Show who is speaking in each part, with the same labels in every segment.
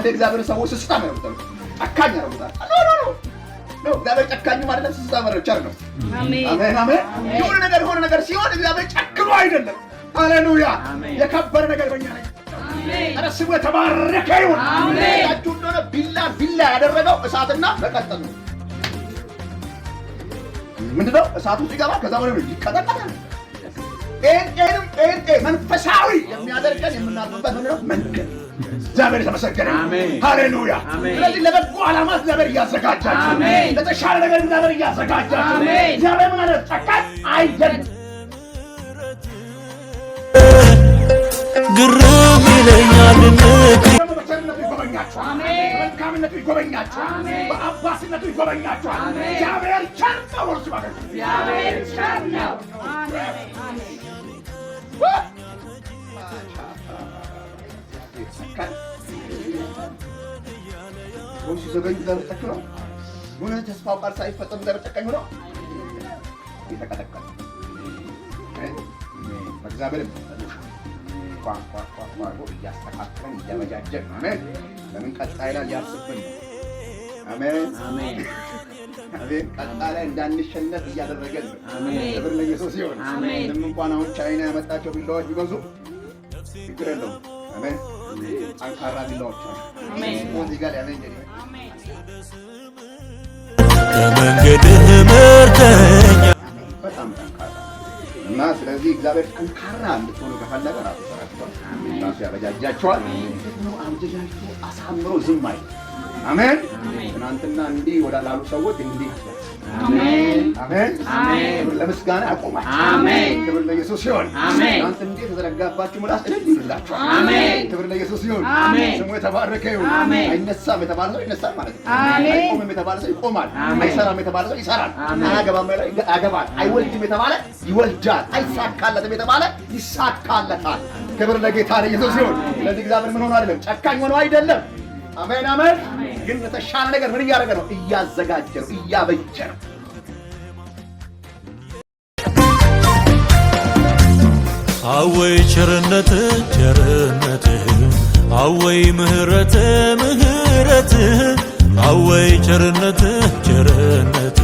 Speaker 1: አንዳንድ እግዚአብሔር ሰዎች ስስታም ያደርጉታል፣ ጨካኝ ኖ እግዚአብሔር ጨካኝም አይደለም፣ ስስታም ቸር ነው። አሜን አሜን። የሆነ ነገር የሆነ ነገር ሲሆን እግዚአብሔር ጨክኖ አይደለም። ሃሌሉያ! የከበረ ነገር በኛ ላይ ኧረ ስሙ የተባረከ ይሁን። ታችሁ እንደሆነ ቢላ ቢላ ያደረገው እሳትና መቀጠል ነው። ምንድነው እሳቱ ሲገባ ከዛ ወደ ይቀጠቀጣል። ይህን የሚያደርገን መንፈሳዊ የሚያደርገን የምናምንበት ምንድነው? መንገድ እግዚአብሔር የተመሰገነ ሃሌሉያ።
Speaker 2: ስለዚህ ለበጎ ዓላማ እግዚአብሔር እያዘጋጃችሁ፣ ለተሻለ ነገር እግዚአብሔር እያዘጋጃችሁ። እግዚአብሔር ምን አይነት ጨካኝ አይደለም። ግሩም ይለኛል በቸርነቱ ይጎበኛችኋል፣ በመልካምነቱ ይጎበኛችኋል፣ በአባትነቱ ይጎበኛችኋል። እግዚአብሔር ቸር ነው። ወይስ ዘበኝ ዘርጠች ነው? የሆነ ተስፋ ቃል ሳይፈጸም ዘርጠቀኝ ነው የተቀጠቀጠ በእግዚአብሔር ቋንቋ እያስተካከለን እያበጃጀን አሜን። ለምን ቀጣይ ላይ ያስብን አሜን። ቀጣይ ላይ እንዳንሸነፍ እያደረገን ክብር ለኢየሱስ ይሁን። ምንም እንኳን አሁን ቻይና ያመጣቸው ቢላዎች ቢበዙ ችግር የለውም። ጠንካራ ቢላዎች ከመንገድህ ምርተኛ በጣም ጠንካራ እና ስለዚህ እግዚአብሔር ጠንካራ እንድትሆኑ ከፈለገ ራሱ ሰራቸዋል፣ ራሱ ያበጃጃቸዋል። አበጃጃቸው አሳምሮ ዝም አይ አሜን። ትናንትና እንዲህ ወዳላሉ ሰዎች እንዲህ አሜን፣ አሜን፣ ለምስጋና ያቆማል። አሜን ለኢየሱስ ይሁን። እናንተም እንዴ የተዘረጋባችሁ ምላስ እልል ይብላችኋል። አሜን። ክብር ለኢየሱስ ይሁን። አሜን። ስሙ የተባረከ ይሁን። አይነሳም የተባለ ሰው ይነሳል ማለት ነው። አይቆምም የተባለ ሰው ይቆማል። አይሰራም የተባለ ሰው ይሰራል። አያገባም ያገባል። አይወልድም የተባለ ይወልዳል። አይሳካለትም የተባለ ይሳካለታል። ክብር ለጌታ ለኢየሱስ ይሁን። ስለዚህ እግዚአብሔር ምን ሆኖ አይደለም ጨካኝ ሆኖ አይደለም። አሜን አሜን። ግን ለተሻለ ነገር ምን እያደረገ ነው? እያዘጋጀ ነው፣ እያበጀ ነው። አወይ ቸርነት ቸርነት አወይ ምህረት ምህረት አወይ ቸርነት ቸርነት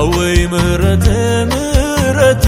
Speaker 2: አወይ ምህረት ምህረት